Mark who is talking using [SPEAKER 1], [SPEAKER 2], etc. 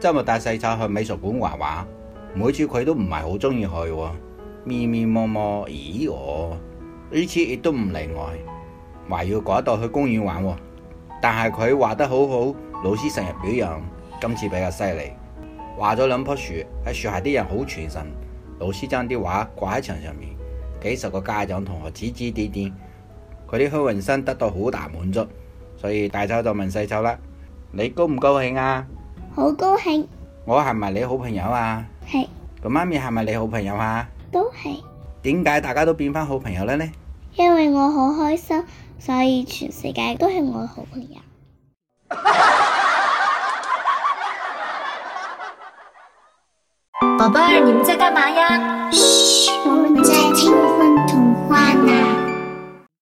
[SPEAKER 1] 周末帶細丑去美術館畫畫，每次佢都唔係好鍾意去，咪咪摸摸咦喎，呢次亦都唔例外，話要改到去公園玩，但係佢畫得好好，老師成日表揚，今次比較犀利，畫咗兩棵樹喺樹下啲人好全神，老師將啲畫掛喺牆上面，幾十個家長同學指指點點，佢啲虛榮心得到好大滿足，所以大丑就問細丑啦，你高唔高興啊？好高興！我係咪你好朋友啊？係。個媽咪係咪你好朋友啊？都係。點解大家都變翻好朋友嘞呢？
[SPEAKER 2] 因為我好開心，所以全世界都係我好朋友。寶貝兒，你們在幹嗎呀？